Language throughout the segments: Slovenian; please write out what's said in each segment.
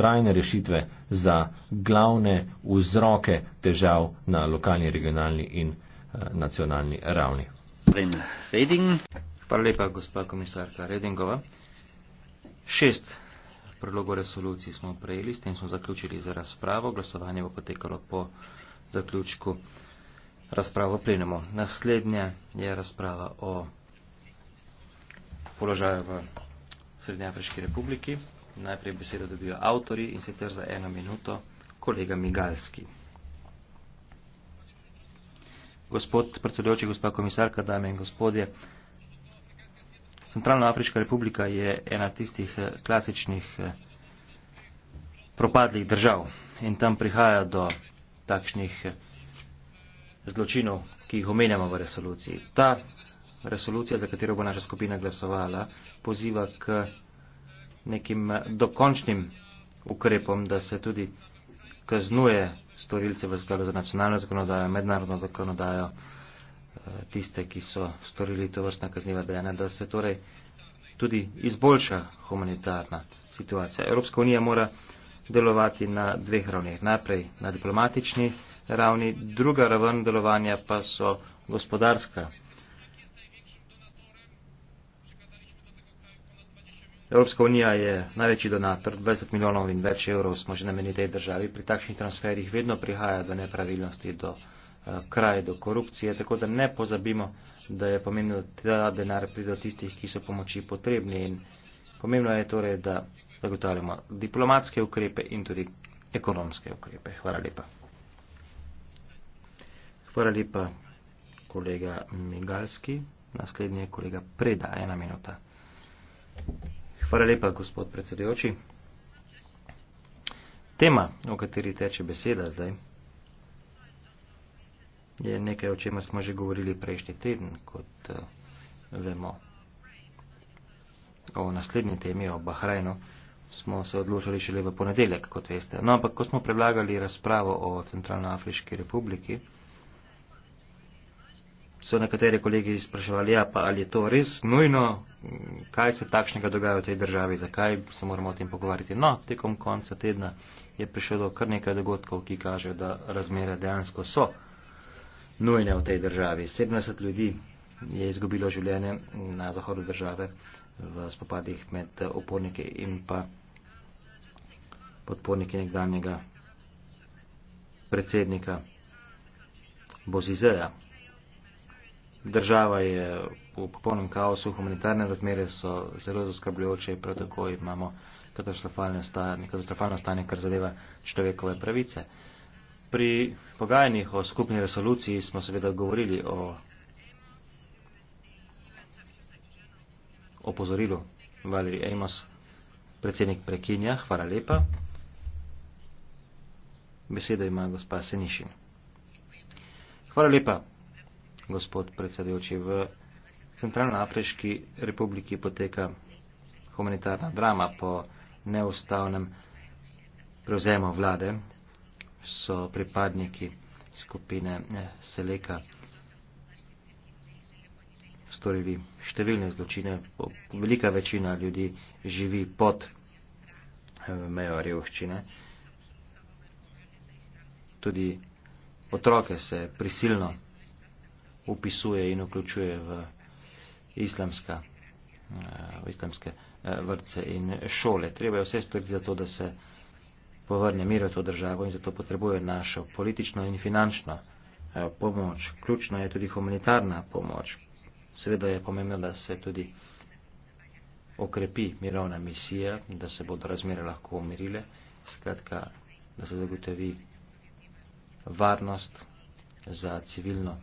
trajne rešitve za glavne vzroke težav na lokalni, regionalni in eh, nacionalni ravni. Hvala lepa, gospa komisarka Redingova. Šest predlogov resolucij smo prejeli, s tem smo zaključili za razpravo. Glasovanje bo potekalo po zaključku razpravo plenemo. Naslednja je razprava o položaju v Srednjeafriški republiki. Najprej besedo dobijo avtori in sicer za eno minuto kolega Migalski. Gospod predsedujoči, gospa komisarka, dame in gospodje, Centralna Afriška republika je ena tistih eh, klasičnih eh, propadlih držav in tam prihaja do takšnih eh, zločinov, ki jih omenjamo v resoluciji. Ta resolucija, za katero bo naša skupina glasovala, poziva k nekim eh, dokončnim ukrepom, da se tudi kaznuje storilce v skladu za nacionalno zakonodajo, mednarodno zakonodajo, eh, tiste, ki so storili to vrstna kazniva dejanja, da se torej tudi izboljša humanitarna situacija. Evropska unija mora delovati na dveh ravneh. Najprej na diplomatični ravni, druga raven delovanja pa so gospodarska. Evropska unija je največji donator, 20 milijonov in več evrov smo že namenili tej državi. Pri takšnih transferih vedno prihaja do nepravilnosti, do eh, kraja, do korupcije, tako da ne pozabimo, da je pomembno, da ta denar pride do tistih, ki so pomoči potrebni in pomembno je torej, da zagotavljamo diplomatske ukrepe in tudi ekonomske ukrepe. Hvala lepa. Hvala lepa, kolega Migalski. Naslednji je kolega Preda, ena minuta. Thank you. Hvala lepa, gospod predsedujoči. Tema, o kateri teče beseda zdaj, je nekaj, o čemer smo že govorili prejšnji teden, kot uh, vemo. O naslednji temi, o Bahrajnu, smo se odločili šele v ponedeljek, kot veste. No, ampak ko smo predlagali razpravo o Centralnoafriški republiki, so nekateri kolegi spraševali, ja, pa ali je to res nujno, kaj se takšnega dogaja v tej državi, zakaj se moramo o tem pogovarjati. No, tekom konca tedna je prišlo do kar nekaj dogodkov, ki kažejo, da razmere dejansko so nujne v tej državi. 70 ljudi je izgubilo življenje na zahodu države v spopadih med oporniki eh, in pa podporniki nekdanjega predsednika Bozizeja. Država je v popolnem kaosu, humanitarne razmere so zelo zaskrbljujoče, prav tako imamo katastrofalne stanje, katastrofalne stanje, kar zadeva človekove pravice. Pri pogajanjih o skupni resoluciji smo seveda govorili o opozorilu Valeri Amos, predsednik prekinja, hvala lepa. Besedo ima gospa Senišin. Hvala lepa gospod predsedujoči. V Centralno-Afriški republiki poteka humanitarna drama po neustavnem prevzemu vlade. So pripadniki skupine eh, Seleka storili številne zločine. Velika večina ljudi živi pod eh, mejo revščine. Tudi otroke se prisilno upisuje in vključuje v islamska, eh, v islamske eh, vrtce in šole. Treba je vse storiti za to, da se povrne mir v to državo in zato potrebuje našo politično in finančno eh, pomoč. Ključna je tudi humanitarna pomoč. Seveda je pomembno, da se tudi okrepi mirovna misija, da se bodo razmere lahko umirile, skratka, da se zagotovi varnost za civilno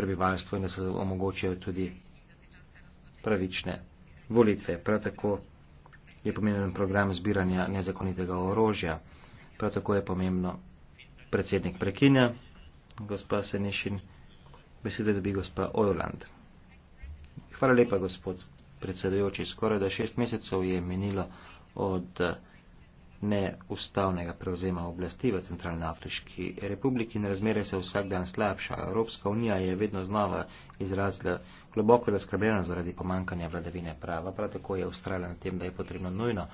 prebivalstvo in da se omogočajo tudi pravične volitve. Prav tako je pomemben program zbiranja nezakonitega orožja. Prav tako je pomembno predsednik prekinja, gospa Senešin, besede dobi gospa Ojoland. Hvala lepa, gospod predsedujoči. Skoraj da šest mesecev je menilo od. Uh, neustavnega prevzema oblasti v Centralni Afriški republiki in razmere se vsak dan slabša. Evropska unija je vedno znova izrazila globoko zaskrbljena zaradi pomankanja vladavine prava. Prav tako je Avstralija na tem, da je potrebno nujno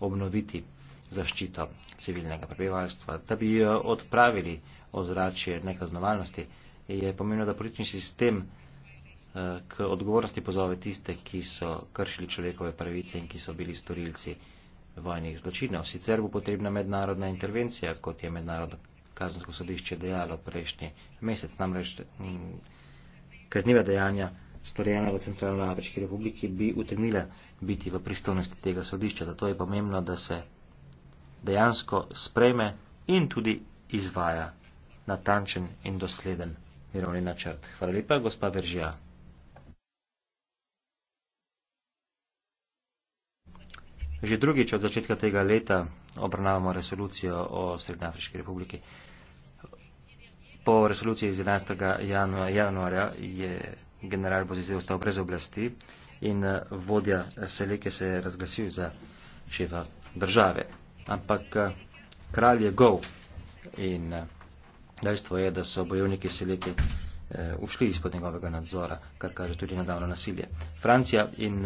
obnoviti zaščito civilnega prebivalstva. Da bi jo odpravili ozračje nekaznovalnosti, je pomenilo, da politični sistem eh, k odgovornosti pozove tiste, ki so kršili človekove pravice in ki so bili storilci vojnih zločinov. Sicer bo potrebna mednarodna intervencija, kot je mednarodno kazensko sodišče dejalo prejšnji mesec, namreč kazniva dejanja storjena v Centralno Afriški republiki bi utegnila biti v pristojnosti tega sodišča. Zato je pomembno, da se dejansko sprejme in tudi izvaja natančen in dosleden mirovni načrt. Hvala lepa, gospa Veržija. Že drugič od začetka tega leta obravnavamo resolucijo o Srednjeafriški republiki. Po resoluciji iz 11. januarja je general Bozizel ostal brez oblasti in vodja Seleke se je razglasil za šefa države. Ampak kralj je gol in dejstvo je, da so bojevniki Seleke ušli izpod njegovega nadzora, kar kaže tudi nedavno nasilje. Francija in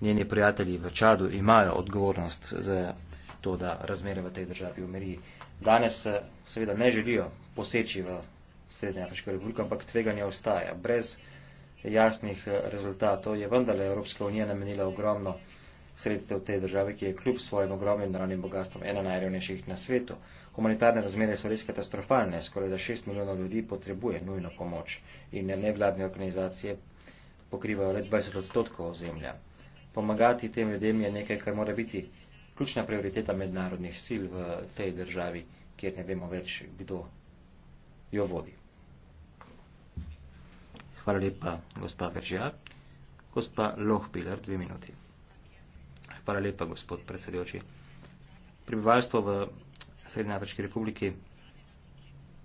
njeni prijatelji v Čadu imajo odgovornost za to, da razmere v tej državi umiri. Danes seveda ne želijo poseči v Srednje Afriško republiko, ampak tveganje ostaja. Brez jasnih eh, rezultatov je vendarle Evropska unija namenila ogromno sredstev tej državi, ki je kljub svojim ogromnim naravnim bogatstvom ena najrevnejših na svetu. Humanitarne razmere so res katastrofalne, skoraj da 6 milijonov ljudi potrebuje nujno pomoč in nevladne organizacije pokrivajo le 20 odstotkov ozemlja pomagati tem ljudem je nekaj, kar mora biti ključna prioriteta mednarodnih sil v tej državi, kjer ne vemo več, kdo jo vodi. Hvala lepa, gospa Veržjak. Gospa Lohbiler, dve minuti. Hvala lepa, gospod predsedujoči. Prebivalstvo v Srednje Afriški republiki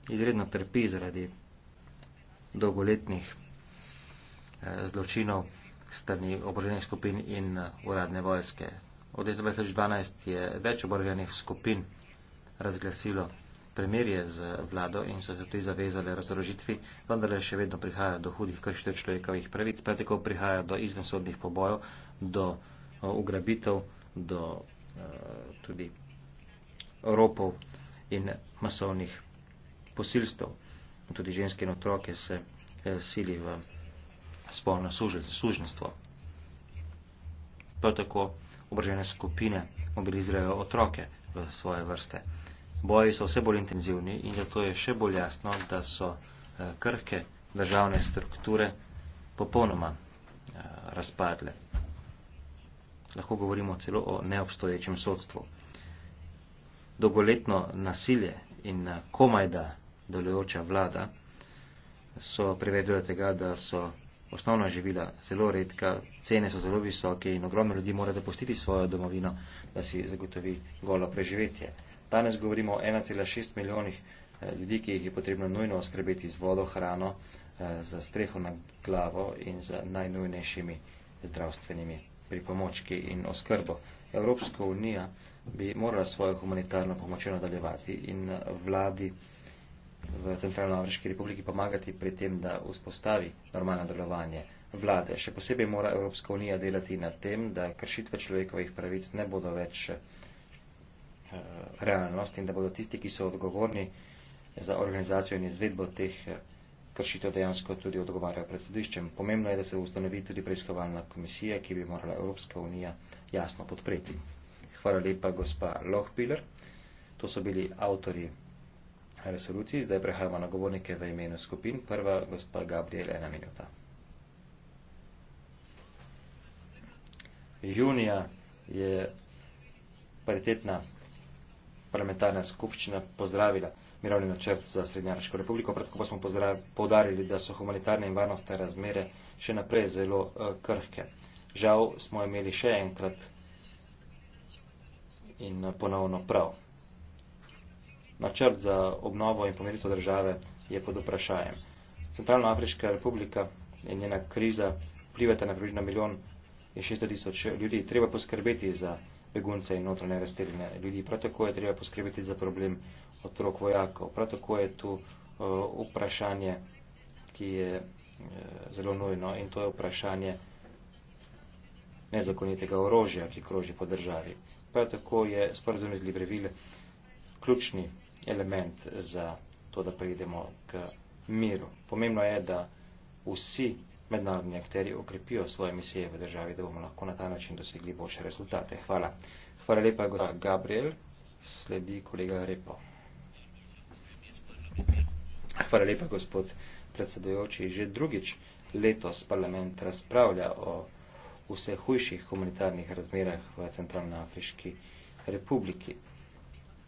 izredno trpi zaradi dolgoletnih eh, zločinov strani oboroženih skupin in eh, uradne vojske. Od leta 2012 je več oboroženih skupin razglasilo premirje z vlado in so se tudi zavezali razdružitvi, vendar še vedno prihaja do hudih kršitev človekovih pravic, prav tako prihaja do izvensodnih pobojev, do eh, ugrabitev, do eh, tudi ropov in masovnih posilstev. Tudi ženske in otroke se sili v spolno sužnjstvo. Prav tako obražene skupine mobilizirajo otroke v svoje vrste. Boji so vse bolj intenzivni in zato je še bolj jasno, da so eh, krhke državne strukture popolnoma eh, razpadle. Lahko govorimo celo o neobstoječem sodstvu. Dolgoletno nasilje in eh, komajda delujoča vlada so privedle tega, da so osnovna živila zelo redka, cene so zelo visoke in ogromno ljudi mora zapustiti svojo domovino, da si zagotovi golo preživetje. Danes govorimo o 1,6 milijonih eh, ljudi, ki jih je potrebno nujno oskrbeti z vodo, hrano, eh, za streho na glavo in za najnujnejšimi zdravstvenimi pripomočki in oskrbo. Evropska unija bi morala svojo humanitarno pomoč nadaljevati in eh, vladi v Centralnoafriški republiki pomagati pri tem, da vzpostavi normalno delovanje vlade. Še posebej mora Evropska unija delati na tem, da kršitve človekovih pravic ne bodo več eh, realnost in da bodo tisti, ki so odgovorni za organizacijo in izvedbo teh eh, kršitev dejansko tudi odgovarjajo pred sodiščem. Pomembno je, da se ustanovi tudi preiskovalna komisija, ki bi morala Evropska unija jasno podpreti. Hvala lepa, gospa Lohpiller. To so bili avtori resoluciji. Zdaj prehajamo na govornike v imenu skupin. Prva, gospod Gabriel, ena minuta. Junija je paritetna parlamentarna skupščina pozdravila mirovni načrt za Srednjaraško republiko, predko pa smo podarili, da so humanitarne in varnostne razmere še naprej zelo uh, krhke. Žal smo imeli še enkrat in eh, ponovno prav načrt za obnovo in pomiritev države je pod vprašajem. Centralna Afriška republika in njena kriza plivata na približno milijon in 600 tisoč ljudi. Treba poskrbeti za begunce in notranje razstreljene ljudi. Prav tako je treba poskrbeti za problem otrok vojakov. Prav tako je tu uh, vprašanje, ki je uh, zelo nujno in to je vprašanje nezakonitega orožja, ki kroži po državi. Prav tako je sporazum iz Libreville ključni element za to, da pridemo k miru. Pomembno je, da vsi mednarodni akteri okrepijo svoje misije v državi, da bomo lahko na ta način dosegli boljše rezultate. Hvala. Hvala lepa, gospod Gabriel. Sledi kolega Repo. Hvala lepa, gospod predsedujoči. Že drugič letos parlament razpravlja o vse hujših humanitarnih razmerah v Centralnoafriški republiki.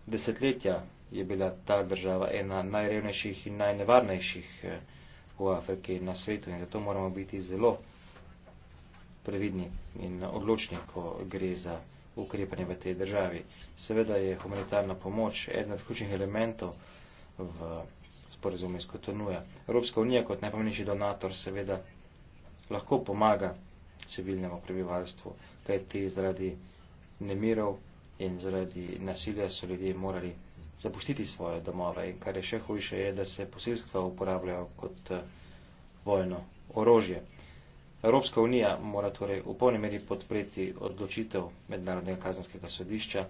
Desetletja je bila ta država ena najrevnejših in najnevarnejših eh, v Afriki na svetu in zato moramo biti zelo previdni in odločni, ko gre za ukrepanje v tej državi. Seveda je humanitarna pomoč eden od ključnih elementov v sporazumu iz Kotonuja. Evropska unija kot najpomembnejši donator seveda lahko pomaga civilnemu prebivalstvu, kajti zaradi nemirov in zaradi nasilja so ljudje morali zapustiti svoje domove in kar je še hujše je, da se posilstva uporabljajo kot eh, vojno orožje. Evropska unija mora torej v polni meri podpreti odločitev Mednarodnega kazanskega sodišča,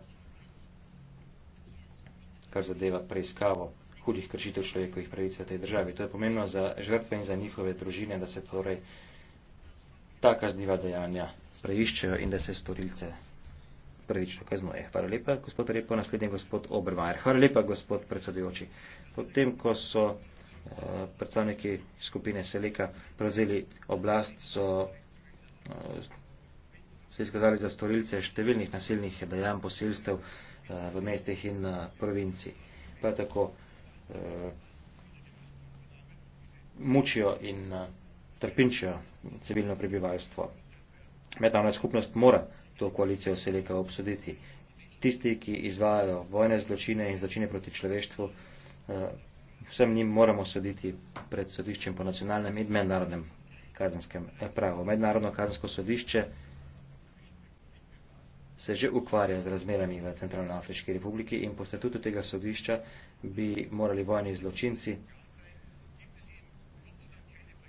kar zadeva preiskavo hudih kršitev človekovih pravic v tej državi. To je pomembno za žrtve in za njihove družine, da se torej ta kazniva dejanja preiščejo in da se storilce pravično kaznuje. Eh, hvala lepa, gospod Repo, naslednji gospod Obermajer. Hvala lepa, gospod predsedujoči. Potem, ko so eh, predstavniki skupine Seleka prevzeli oblast, so eh, se izkazali za storilce številnih nasilnih dejanj posilstev v mestih in na provinci. Pa tako mučijo in trpinčijo civilno prebivalstvo. Mednarodna skupnost mora to koalicijo Seleka obsoditi. Tisti, ki izvajajo vojne zločine in zločine proti človeštvu, eh, vsem njim moramo soditi pred sodiščem po nacionalnem in mednarodnem kazenskem eh, pravu. Mednarodno kazensko sodišče se že ukvarja z razmerami v Centralno Afriški republiki in po statutu tega sodišča bi morali vojni zločinci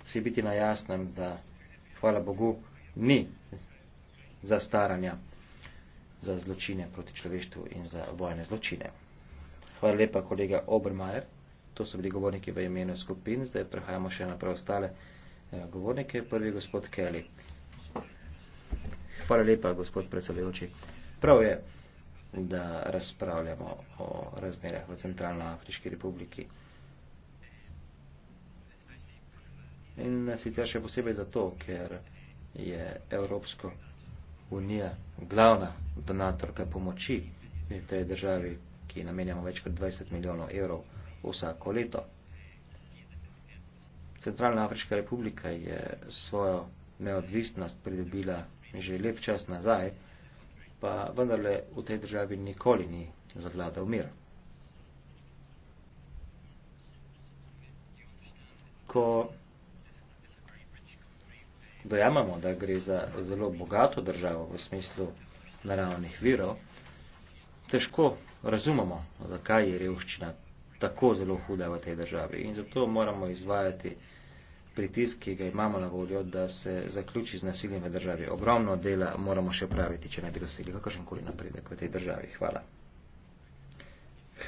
si biti na jasnem, da hvala Bogu ni za staranja, za zločine proti človeštvu in za vojne zločine. Hvala lepa, kolega Obermajer. To so bili govorniki v imenu skupin. Zdaj prehajamo še na preostale eh, govornike. Prvi gospod Kelly. Hvala lepa, gospod predsedujoči. Prav je, da razpravljamo o razmerah v Centralnoafriški republiki. In sicer še posebej zato, ker je Evropsko unija glavna donatorka pomoči v tej državi, ki namenjamo več kot 20 milijonov evrov vsako leto. Centralna Afriška republika je svojo neodvisnost pridobila že lep čas nazaj, pa vendarle v tej državi nikoli ni zavladal mir. Ko dojamemo, da gre za zelo bogato državo v smislu naravnih virov, težko razumemo, zakaj je revščina tako zelo huda v tej državi. In zato moramo izvajati pritisk, ki ga imamo na voljo, da se zaključi z nasiljem v državi. Ogromno dela moramo še praviti, če ne bi dosegli kakršenkoli napredek v tej državi. Hvala.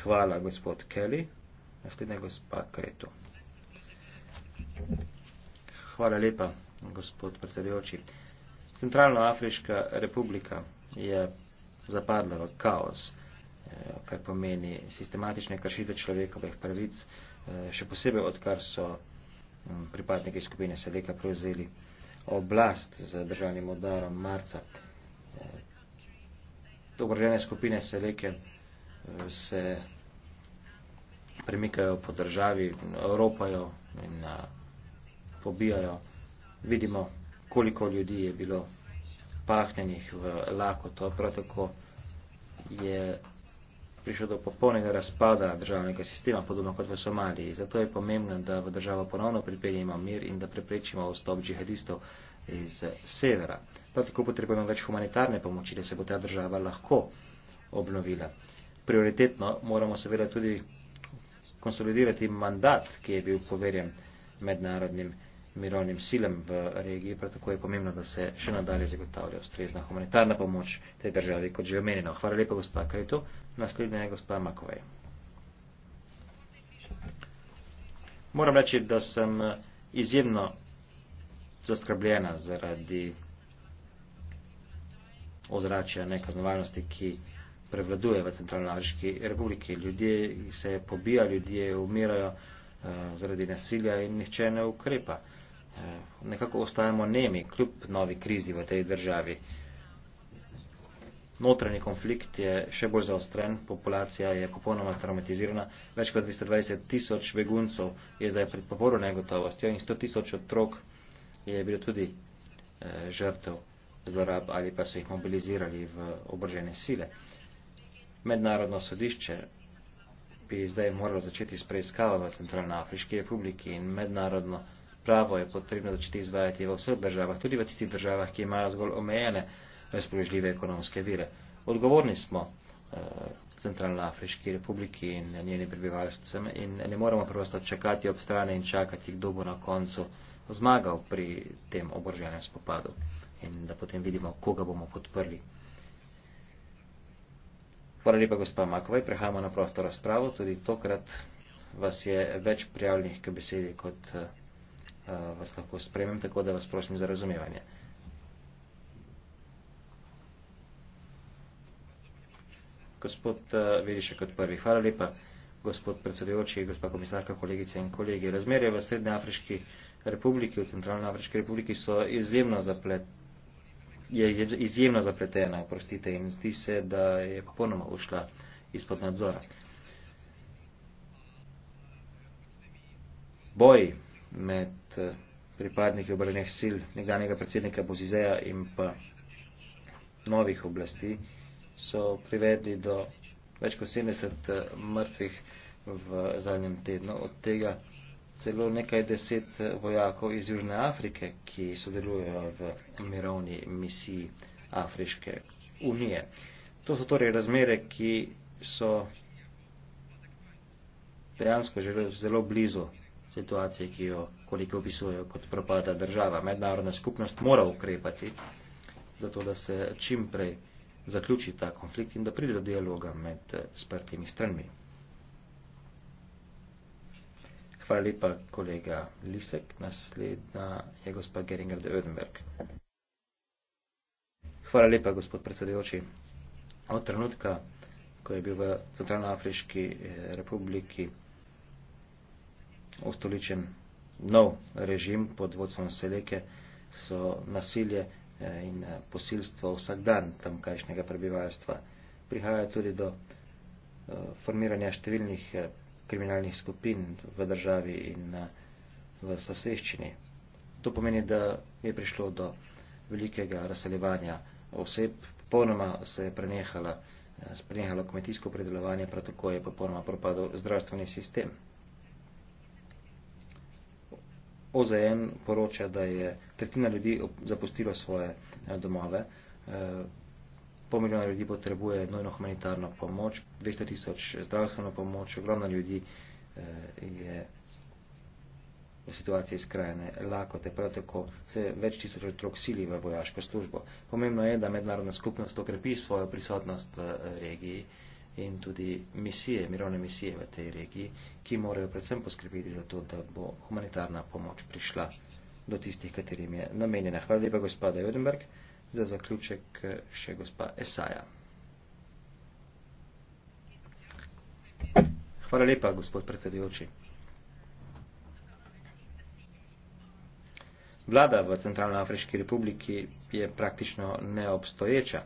Hvala, gospod Kelly. Naslednja gospa Kreto. Hvala lepa gospod predsedujoči. Centralna Afriška republika je zapadla v kaos, eh, kar pomeni sistematične kršitve človekovih pravic, eh, še posebej odkar so mm, pripadniki skupine Seleka prevzeli oblast z državnim udarom marca. Eh, ogrožene skupine Seleke se premikajo po državi, ropajo in pobijajo vidimo, koliko ljudi je bilo pahnjenih v lakoto, prav tako je prišlo do popolnega razpada državnega sistema, podobno kot v Somaliji. Zato je pomembno, da v državo ponovno pripeljemo mir in da preprečimo vstop džihadistov iz severa. Prav tako potrebujemo več humanitarne pomoči, da se bo ta država lahko obnovila. Prioritetno moramo seveda tudi konsolidirati mandat, ki je bil poverjen mednarodnim mirovnim silem v regiji, prav tako je pomembno, da se še nadalje zagotavlja ustrezna humanitarna pomoč tej državi, kot že omenjeno. Hvala lepa, gospod Kreto. Naslednja je gospod Makovej. Moram reči, da sem eh, izjemno zaskrbljena zaradi ozračja nekaznovalnosti, ki prevladuje v Centralnoafriški republiki. Ljudje se pobija, ljudje umirajo uh, zaradi nasilja in nihče ne ukrepa. Uh, Eh, nekako ostajamo nemi, kljub novi krizi v tej državi. Notranji konflikt je še bolj zaostren, populacija je popolnoma traumatizirana, več kot 220 tisoč beguncev je zdaj pred poporo negotovostjo in 100 tisoč otrok je bilo tudi eh, žrtev zlorab ali pa so jih mobilizirali v obržene sile. Mednarodno sodišče bi zdaj moralo začeti s preiskavo v Centralno Afriški republiki in mednarodno sodišče pravo je potrebno začeti izvajati v vseh državah, tudi v tistih državah, ki imajo zgolj omejene razpoložljive ekonomske vire. Odgovorni smo eh, Centralna Afriški republiki in njeni prebivalstvem in ne moremo prosto čakati ob strani in čakati, kdo bo na koncu zmagal pri tem oboroženem spopadu in da potem vidimo, koga bomo podprli. Hvala lepa, gospa Makovaj. Prehajamo na prosto razpravo. Tudi tokrat vas je več prijavljenih k besedi kot. Eh, Eh, vas lahko spremem, tako da vas prosim za razumevanje. Gospod eh, Veliše kot prvi, hvala lepa. Gospod predsedujoči, gospod komisarka, kolegice in kolegi. Razmerje v Srednje Afriški republiki, v Centralno Afriški republiki so izjemno zaplet, je izjemno zapletena, prostite, in zdi se, da je popolnoma ušla izpod nadzora. Boj med eh, pripadniki obrnjenih sil nekdanjega predsednika Bozizeja in pa novih oblasti so privedli do več kot 70 eh, mrtvih v zadnjem tednu, od tega celo nekaj deset eh, vojakov iz Južne Afrike, ki sodelujejo v mirovni misiji Afriške unije. To so torej razmere, ki so dejansko že zelo blizu situacije, ki jo, koliko opisujejo kot propada država. Mednarodna skupnost mora ukrepati, zato da se čim prej zaključi ta konflikt in da pride do dialoga med eh, sprtimi stranmi. Hvala lepa, kolega Lisek. Naslednja je gospod Geringer de Ödenberg. Hvala lepa, gospod predsedujoči. Od trenutka, ko je bil v Centralnoafriški eh, republiki ustoličen nov režim pod vodstvom Seleke, so nasilje eh, in eh, posilstvo vsak dan tamkajšnjega prebivalstva. Prihaja tudi do eh, formiranja številnih kriminalnih skupin v državi in v soseščini. To pomeni, da je prišlo do velikega razseljevanja oseb, popolnoma se je prenehala, prenehalo kmetijsko predelovanje, prav tako je popolnoma propadel zdravstveni sistem. OZN poroča, da je tretjina ljudi zapustila svoje eh, domove, eh, pol milijona ljudi potrebuje nujno humanitarno pomoč, 200 tisoč zdravstveno pomoč, ogromno ljudi eh, je v situaciji skrajne lakote, prav tako se več tisoč otrok sili v vojaško službo. Pomembno je, da mednarodna skupnost okrepi svojo prisotnost v regiji in tudi misije, mirovne misije v tej regiji, ki morajo predvsem poskrbeti za to, da bo humanitarna pomoč prišla do tistih, katerim je namenjena. Hvala lepa, gospoda Jodenberg. Za zaključek še gospa Esaja. Hvala lepa, gospod predsedujoči. Vlada v Centralno-Afriški republiki je praktično neobstoječa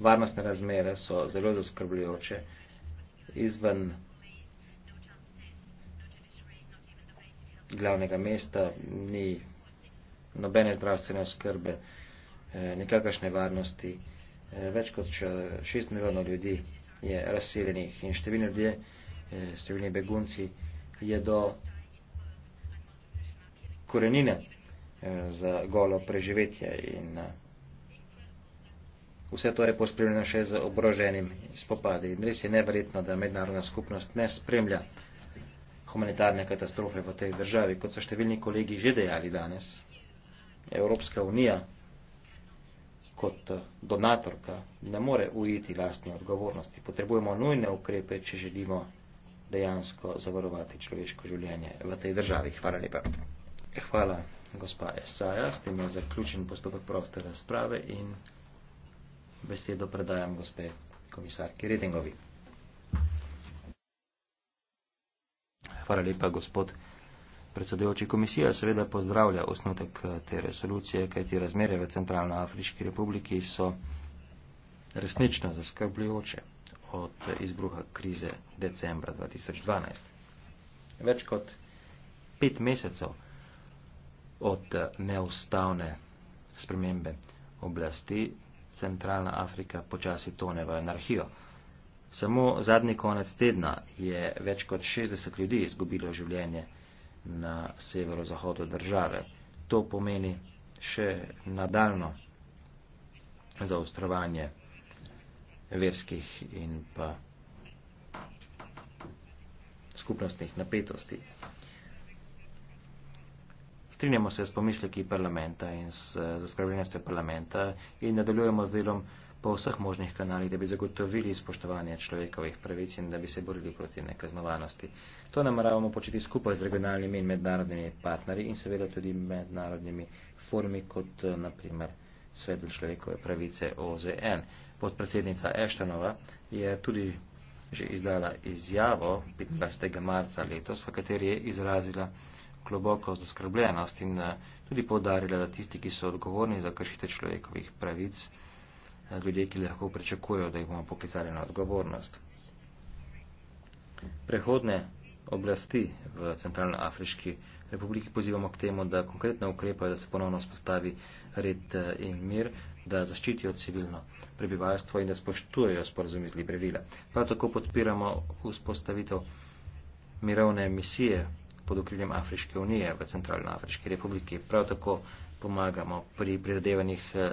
varnostne razmere so zelo zaskrbljujoče. Izven glavnega mesta ni nobene zdravstvene oskrbe, eh, nikakršne varnosti. Eh, več kot šest milijonov ljudi je razsiljenih in številni ljudje, eh, številni begunci, je do korenine za golo preživetje in Vse to je pospremljeno še z obroženim spopadi. In res je neverjetno, da mednarodna skupnost ne spremlja humanitarne katastrofe v tej državi, kot so številni kolegi že dejali danes. Evropska unija kot eh, donatorka ne more ujeti lastni odgovornosti. Potrebujemo nujne ukrepe, če želimo dejansko zavarovati človeško življenje v tej državi. Hvala lepa. Hvala, gospa Esaja. S tem je zaključen postopek proste razprave in besedo predajam gospe komisarki Redingovi. Hvala lepa, gospod predsedujoči komisija. Seveda pozdravlja osnutek eh, te resolucije, kajti razmere v Centralnoafriški republiki so resnično zaskrbljujoče od izbruha krize decembra 2012. Več kot pet mesecev od neustavne spremembe oblasti centralna Afrika počasi tone v anarhijo. Samo zadnji konec tedna je več kot 60 ljudi izgubilo življenje na severozahodu države. To pomeni še nadaljno zaostrovanje verskih in pa skupnostnih napetosti. Strinjamo se s pomišljaki parlamenta in s zaskrbljenostjo parlamenta in nadaljujemo z delom po vseh možnih kanalih, da bi zagotovili spoštovanje človekovih pravic in da bi se borili proti nekaznovanosti. To nameravamo početi skupaj z regionalnimi in mednarodnimi partnerji in seveda tudi mednarodnimi formi kot naprimer Svet za človekove pravice OZN. Podpredsednica Eštanova je tudi že izdala izjavo 25. marca letos, v kateri je izrazila globoko zaskrbljenost in eh, tudi podarila, da tisti, ki so odgovorni za kršite človekovih pravic, eh, ljudje, ki lahko pričakujejo, da jih bomo poklicali na odgovornost. Prehodne oblasti v Centralno Afriški republiki pozivamo k temu, da konkretno ukrepajo, da se ponovno spostavi red eh, in mir, da zaščitijo civilno prebivalstvo in da spoštujejo sporazum iz Libreville. Prav tako podpiramo vzpostavitev mirovne misije pod okriljem Afriške unije v Centralno Afriški republiki. Prav tako pomagamo pri prizadevanjih eh,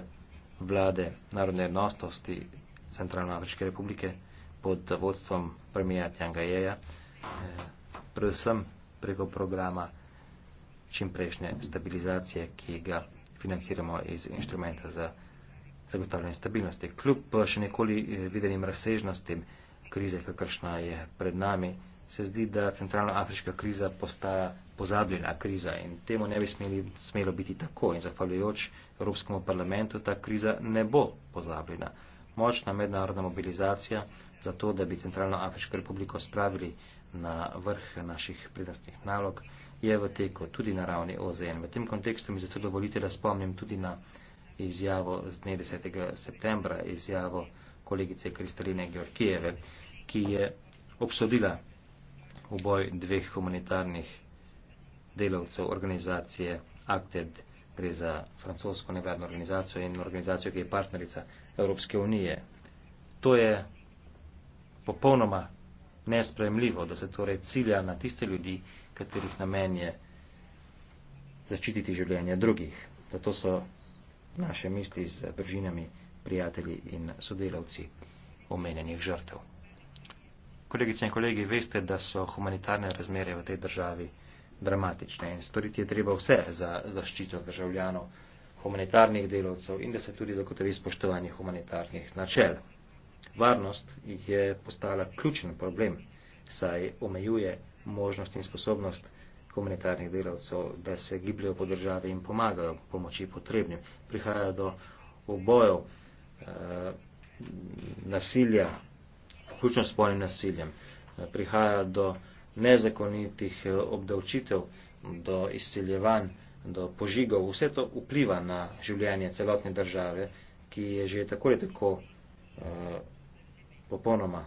vlade narodne enostavnosti Centralno Afriške republike pod vodstvom premija Tjangajeja, eh, predvsem preko programa čimprejšnje stabilizacije, ki ga financiramo iz inštrumenta za zagotavljanje stabilnosti. Kljub eh, še nekoli videnim razsežnostim krize, kakršna je pred nami, se zdi, da centralnoafriška kriza postaja pozabljena kriza in temu ne bi smeli, smelo biti tako in zahvaljujoč Evropskemu parlamentu ta kriza ne bo pozabljena. Močna mednarodna mobilizacija za to, da bi Centralnoafriško republiko spravili na vrh naših prednostnih nalog, je v teku tudi na ravni OZN. V tem kontekstu mi zato dovolite, da spomnim tudi na izjavo z dne 10. septembra, izjavo kolegice Kristaline Georgijeve, ki je obsodila uboj dveh humanitarnih delavcev organizacije ACTED. Gre za francosko nevladno organizacijo in organizacijo, ki je partnerica Evropske unije. To je popolnoma nespremljivo, da se torej cilja na tiste ljudi, katerih namen je zaščititi življenje drugih. Zato so naše misli z družinami, prijatelji in sodelavci omenjenih žrtev kolegice in kolegi, veste, da so humanitarne razmere v tej državi dramatične in storiti je treba vse za zaščito državljanov, humanitarnih delovcev in da se tudi zagotovi spoštovanje humanitarnih načel. Varnost je postala ključen problem, saj omejuje možnost in sposobnost humanitarnih delavcev, da se gibljajo po državi in pomagajo pomoči potrebnim. Prihajajo do obojev, eh, nasilja, vključno s spolnim nasiljem. Prihaja do nezakonitih eh, obdavčitev, do izseljevanj, do požigov. Vse to vpliva na življenje celotne države, ki je že tako ali tako eh, popolnoma,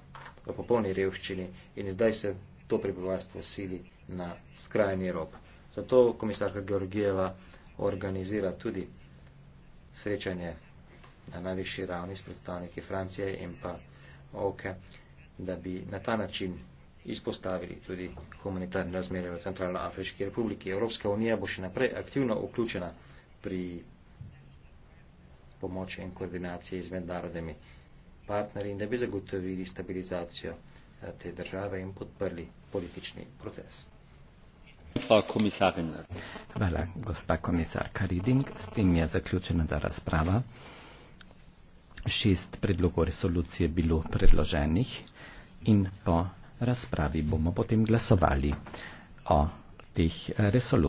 v popolni revščini in zdaj se to prebivalstvo sili na skrajni rob. Zato komisarka Georgijeva organizira tudi srečanje na najvišji ravni s predstavniki Francije in pa OKE, da bi na ta način izpostavili tudi humanitarne razmere v Centralno-Afriški republiki. Evropska unija bo še naprej aktivno vključena pri pomoči in koordinaciji z mednarodnimi partnerji in da bi zagotovili stabilizacijo eh, te države in podprli politični proces. Hvala, gospa komisarka Reding. S tem je zaključena ta razprava šest predlogov resolucije bilo predloženih in po razpravi bomo potem glasovali o teh resolucijah.